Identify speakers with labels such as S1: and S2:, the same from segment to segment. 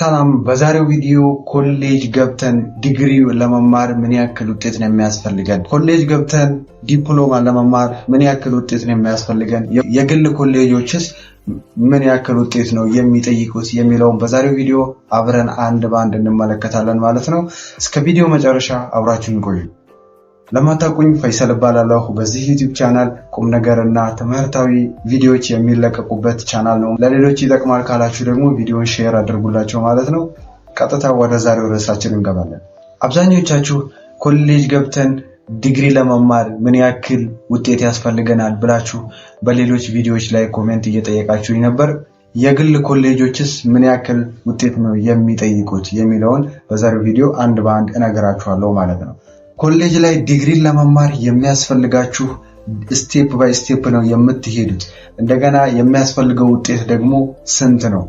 S1: ሰላም በዛሬው ቪዲዮ ኮሌጅ ገብተን ዲግሪ ለመማር ምን ያክል ውጤት ነው የሚያስፈልገን? ኮሌጅ ገብተን ዲፕሎማ ለመማር ምን ያክል ውጤት ነው የሚያስፈልገን? የግል ኮሌጆችስ ምን ያክል ውጤት ነው የሚጠይቁት የሚለውን በዛሬው ቪዲዮ አብረን አንድ በአንድ እንመለከታለን ማለት ነው። እስከ ቪዲዮ መጨረሻ አብራችሁን ቆዩ። ለማታቆኝ ፈይሰል እባላለሁ። በዚህ ዩቲዩብ ቻናል ቁም ነገርና እና ትምህርታዊ ቪዲዮዎች የሚለቀቁበት ቻናል ነው። ለሌሎች ይጠቅማል ካላችሁ ደግሞ ቪዲዮን ሼር አድርጉላቸው ማለት ነው። ቀጥታ ወደ ዛሬው ርዕሳችን እንገባለን። አብዛኞቻችሁ ኮሌጅ ገብተን ዲግሪ ለመማር ምን ያክል ውጤት ያስፈልገናል ብላችሁ በሌሎች ቪዲዮዎች ላይ ኮሜንት እየጠየቃችሁኝ ነበር። የግል ኮሌጆችስ ምን ያክል ውጤት ነው የሚጠይቁት የሚለውን በዛሬው ቪዲዮ አንድ በአንድ እነግራችኋለሁ ማለት ነው። ኮሌጅ ላይ ዲግሪን ለመማር የሚያስፈልጋችሁ ስቴፕ ባይ ስቴፕ ነው የምትሄዱት። እንደገና የሚያስፈልገው ውጤት ደግሞ ስንት ነው?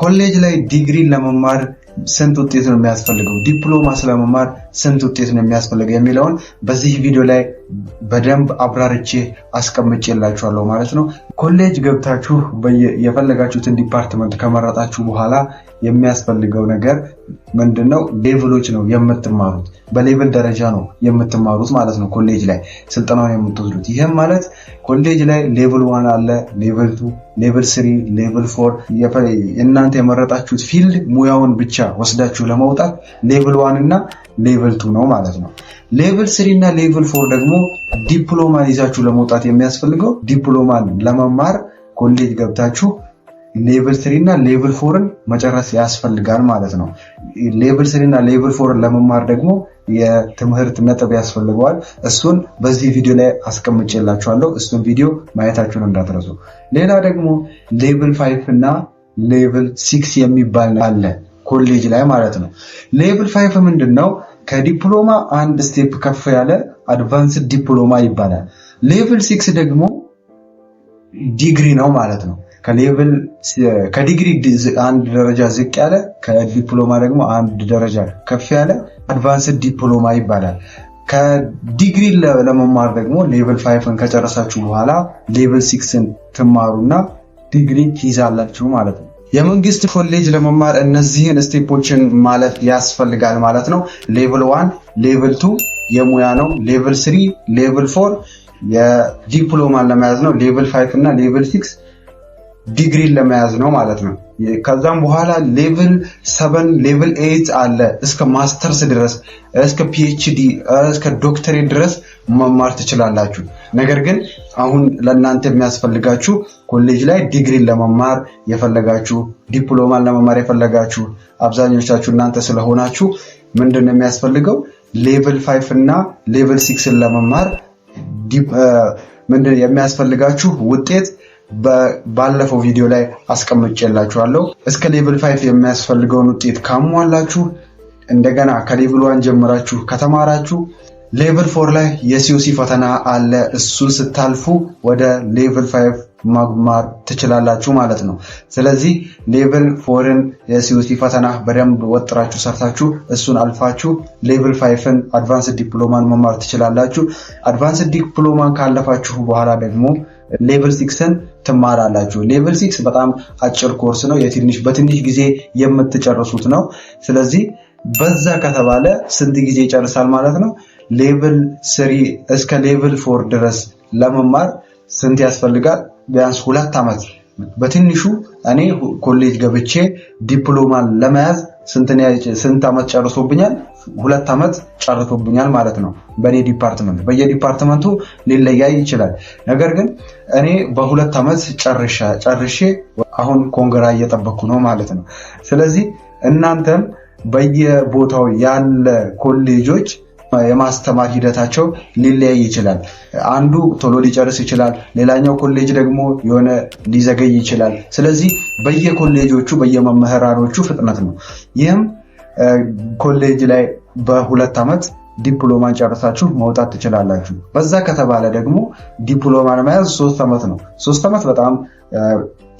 S1: ኮሌጅ ላይ ዲግሪን ለመማር ስንት ውጤት ነው የሚያስፈልገው? ዲፕሎማ ስለመማር ስንት ውጤት ነው የሚያስፈልገው የሚለውን በዚህ ቪዲዮ ላይ በደንብ አብራርቼ አስቀምጬላችኋለሁ ማለት ነው። ኮሌጅ ገብታችሁ የፈለጋችሁትን ዲፓርትመንት ከመረጣችሁ በኋላ የሚያስፈልገው ነገር ምንድነው? ሌቭሎች ነው የምትማሩት። በሌቭል ደረጃ ነው የምትማሩት ማለት ነው ኮሌጅ ላይ ስልጠናውን የምትወስዱት። ይህም ማለት ኮሌጅ ላይ ሌቭል ዋን አለ፣ ሌቭል ቱ፣ ሌቭል ስሪ፣ ሌቭል ፎር። እናንተ የመረጣችሁት ፊልድ ሙያውን ብቻ ወስዳችሁ ለመውጣት ሌቭል ዋን እና ሌቭል ቱ ነው ማለት ነው። ሌቭል ስሪ እና ሌቭል ፎር ደግሞ ዲፕሎማን ይዛችሁ ለመውጣት የሚያስፈልገው ዲፕሎማን ለመማር ኮሌጅ ገብታችሁ ሌቭል ስሪ እና ሌቭል ፎርን መጨረስ ያስፈልጋል ማለት ነው። ሌቭል ስሪ እና ሌቭል ፎርን ለመማር ደግሞ የትምህርት ነጥብ ያስፈልገዋል። እሱን በዚህ ቪዲዮ ላይ አስቀምጬላችኋለሁ። እሱን ቪዲዮ ማየታችሁን እንዳትረሱ። ሌላ ደግሞ ሌቭል ፋይቭ እና ሌቭል ሲክስ የሚባል አለ ኮሌጅ ላይ ማለት ነው። ሌቭል ፋይቭ ምንድን ነው? ከዲፕሎማ አንድ ስቴፕ ከፍ ያለ አድቫንስድ ዲፕሎማ ይባላል። ሌቭል ሲክስ ደግሞ ዲግሪ ነው ማለት ነው። ከሌቭል ከዲግሪ አንድ ደረጃ ዝቅ ያለ ከዲፕሎማ ደግሞ አንድ ደረጃ ከፍ ያለ አድቫንስድ ዲፕሎማ ይባላል። ከዲግሪ ለመማር ደግሞ ሌቭል ፋይፍን ከጨረሳችሁ በኋላ ሌቭል ሲክስን ትማሩና ዲግሪ ትይዛላችሁ ማለት ነው። የመንግስት ኮሌጅ ለመማር እነዚህን ስቴፖችን ማለፍ ያስፈልጋል ማለት ነው። ሌቭል ዋን፣ ሌቭል ቱ የሙያ ነው። ሌቭል ስሪ፣ ሌቭል ፎር የዲፕሎማን ለመያዝ ነው። ሌቭል ፋይፍ እና ሌቭል ሲክስ ዲግሪን ለመያዝ ነው ማለት ነው። ከዛም በኋላ ሌቭል ሰቨን ሌቭል ኤይት አለ እስከ ማስተርስ ድረስ እስከ ፒኤችዲ እስከ ዶክተሬት ድረስ መማር ትችላላችሁ። ነገር ግን አሁን ለእናንተ የሚያስፈልጋችሁ ኮሌጅ ላይ ዲግሪን ለመማር የፈለጋችሁ ዲፕሎማን ለመማር የፈለጋችሁ አብዛኞቻችሁ እናንተ ስለሆናችሁ ምንድን ነው የሚያስፈልገው ሌቭል ፋይፍ እና ሌቭል ሲክስን ለመማር ምንድን የሚያስፈልጋችሁ ውጤት ባለፈው ቪዲዮ ላይ አስቀምጬላችኋለሁ። እስከ ሌቭል ፋይቭ የሚያስፈልገውን ውጤት ካሟላችሁ እንደገና ከሌቭል ዋን ጀምራችሁ ከተማራችሁ ሌቭል ፎር ላይ የሲዩሲ ፈተና አለ። እሱን ስታልፉ ወደ ሌቭል ፋይቭ ማግማር ትችላላችሁ ማለት ነው። ስለዚህ ሌቭል ፎርን የሲዩሲ ፈተና በደንብ ወጥራችሁ ሰርታችሁ እሱን አልፋችሁ ሌቭል ፋይፍን አድቫንስ ዲፕሎማን መማር ትችላላችሁ። አድቫንስ ዲፕሎማን ካለፋችሁ በኋላ ደግሞ ሌቭል ሲክስን ትማራላችሁ። ሌቭል ሲክስ በጣም አጭር ኮርስ ነው። የትንሽ በትንሽ ጊዜ የምትጨርሱት ነው። ስለዚህ በዛ ከተባለ ስንት ጊዜ ይጨርሳል ማለት ነው? ሌቭል ስሪ እስከ ሌቭል ፎር ድረስ ለመማር ስንት ያስፈልጋል? ቢያንስ ሁለት ዓመት በትንሹ እኔ ኮሌጅ ገብቼ ዲፕሎማን ለመያዝ ስንት ዓመት ጨርሶብኛል? ሁለት ዓመት ጨርሶብኛል ማለት ነው። በእኔ ዲፓርትመንት በየዲፓርትመንቱ ሊለያይ ይችላል። ነገር ግን እኔ በሁለት ዓመት ጨርሼ አሁን ኮንግራ እየጠበኩ ነው ማለት ነው። ስለዚህ እናንተም በየቦታው ያለ ኮሌጆች የማስተማር ሂደታቸው ሊለያይ ይችላል። አንዱ ቶሎ ሊጨርስ ይችላል፣ ሌላኛው ኮሌጅ ደግሞ የሆነ ሊዘገይ ይችላል። ስለዚህ በየኮሌጆቹ በየመምህራኖቹ ፍጥነት ነው። ይህም ኮሌጅ ላይ በሁለት ዓመት ዲፕሎማን ጨርሳችሁ መውጣት ትችላላችሁ። በዛ ከተባለ ደግሞ ዲፕሎማን መያዝ ሶስት ዓመት ነው። ሶስት ዓመት በጣም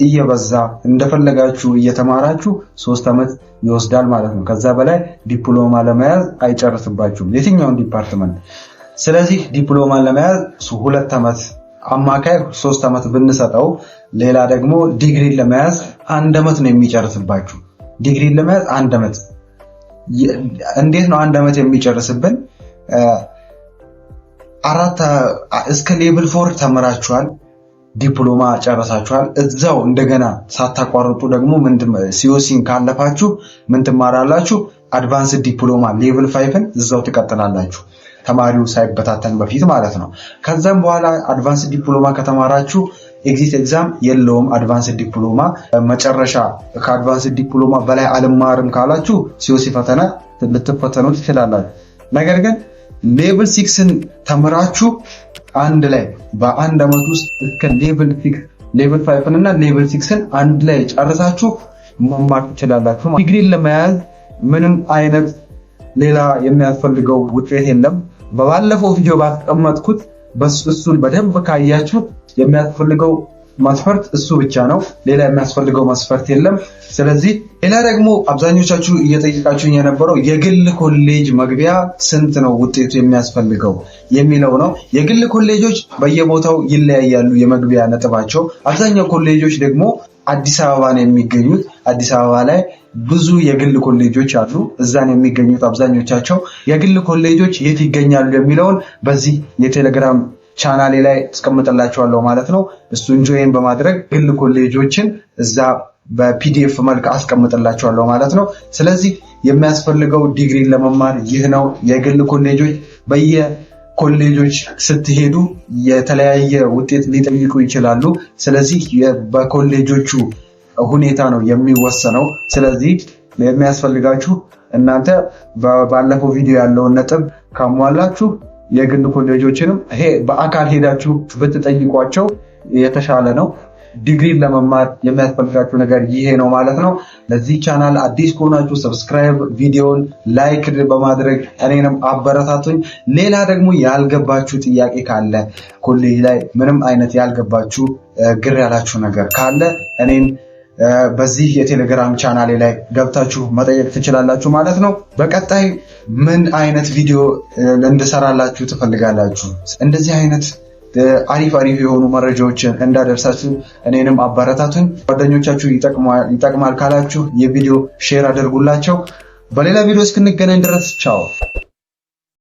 S1: እየበዛ እንደፈለጋችሁ እየተማራችሁ ሶስት ዓመት ይወስዳል ማለት ነው። ከዛ በላይ ዲፕሎማ ለመያዝ አይጨርስባችሁም የትኛውን ዲፓርትመንት። ስለዚህ ዲፕሎማ ለመያዝ ሁለት ዓመት አማካይ ሶስት ዓመት ብንሰጠው፣ ሌላ ደግሞ ዲግሪ ለመያዝ አንድ ዓመት ነው የሚጨርስባችሁ። ዲግሪ ለመያዝ አንድ ዓመት እንዴት ነው አንድ ዓመት የሚጨርስብን? አራት እስከ ሌብል ፎር ተምራችኋል ዲፕሎማ ጨረሳችኋል። እዛው እንደገና ሳታቋርጡ ደግሞ ሲዮሲን ካለፋችሁ ምን ትማራላችሁ? አድቫንስ ዲፕሎማ ሌቭል ፋይፍን እዛው ትቀጥላላችሁ። ተማሪው ሳይበታተን በፊት ማለት ነው። ከዛም በኋላ አድቫንስ ዲፕሎማ ከተማራችሁ ኤግዚት ኤግዛም የለውም። አድቫንስ ዲፕሎማ መጨረሻ ከአድቫንስ ዲፕሎማ በላይ አልማርም ካላችሁ ሲዮሲ ፈተና ልትፈተኑ ትችላላችሁ። ነገር ግን ሌቭል ሲክስን ተምራችሁ አንድ ላይ በአንድ ዓመት ውስጥ እስከ ሌቭል ሲክስ ሌቭል እና ሌቭል ሲክስን አንድ ላይ ጨርሳችሁ መማር ትችላላችሁ። ዲግሪን ለመያዝ ምንም አይነት ሌላ የሚያስፈልገው ውጤት የለም። በባለፈው ቪዲዮ ባስቀመጥኩት እሱን በደንብ ካያችሁ የሚያስፈልገው ማስፈርት እሱ ብቻ ነው። ሌላ የሚያስፈልገው ማስፈርት የለም። ስለዚህ ሌላ ደግሞ አብዛኞቻችሁ እየጠየቃችሁኝ የነበረው የግል ኮሌጅ መግቢያ ስንት ነው ውጤቱ የሚያስፈልገው የሚለው ነው። የግል ኮሌጆች በየቦታው ይለያያሉ የመግቢያ ነጥባቸው። አብዛኛው ኮሌጆች ደግሞ አዲስ አበባ ነው የሚገኙት። አዲስ አበባ ላይ ብዙ የግል ኮሌጆች አሉ። እዛን የሚገኙት አብዛኞቻቸው የግል ኮሌጆች የት ይገኛሉ የሚለውን በዚህ የቴሌግራም ቻናሌ ላይ አስቀምጥላችኋለሁ ማለት ነው። እሱን ጆይን በማድረግ ግል ኮሌጆችን እዛ በፒዲኤፍ መልክ አስቀምጥላችኋለሁ ማለት ነው። ስለዚህ የሚያስፈልገው ዲግሪ ለመማር ይህ ነው። የግል ኮሌጆች በየኮሌጆች ስትሄዱ የተለያየ ውጤት ሊጠይቁ ይችላሉ። ስለዚህ በኮሌጆቹ ሁኔታ ነው የሚወሰነው። ስለዚህ የሚያስፈልጋችሁ እናንተ ባለፈው ቪዲዮ ያለውን ነጥብ ካሟላችሁ የግል ኮሌጆችንም ይሄ በአካል ሄዳችሁ ብትጠይቋቸው የተሻለ ነው። ዲግሪን ለመማር የሚያስፈልጋችሁ ነገር ይሄ ነው ማለት ነው። ለዚህ ቻናል አዲስ ከሆናችሁ ሰብስክራይብ፣ ቪዲዮን ላይክ በማድረግ እኔንም አበረታቱኝ። ሌላ ደግሞ ያልገባችሁ ጥያቄ ካለ ኮሌጅ ላይ ምንም አይነት ያልገባችሁ ግር ያላችሁ ነገር ካለ እኔን በዚህ የቴሌግራም ቻናሌ ላይ ገብታችሁ መጠየቅ ትችላላችሁ ማለት ነው። በቀጣይ ምን አይነት ቪዲዮ እንድሰራላችሁ ትፈልጋላችሁ? እንደዚህ አይነት አሪፍ አሪፍ የሆኑ መረጃዎችን እንዳደርሳችሁ እኔንም አበረታቱኝ። ጓደኞቻችሁ ይጠቅማል ካላችሁ የቪዲዮ ሼር አድርጉላቸው። በሌላ ቪዲዮ እስክንገናኝ ድረስ ቻው።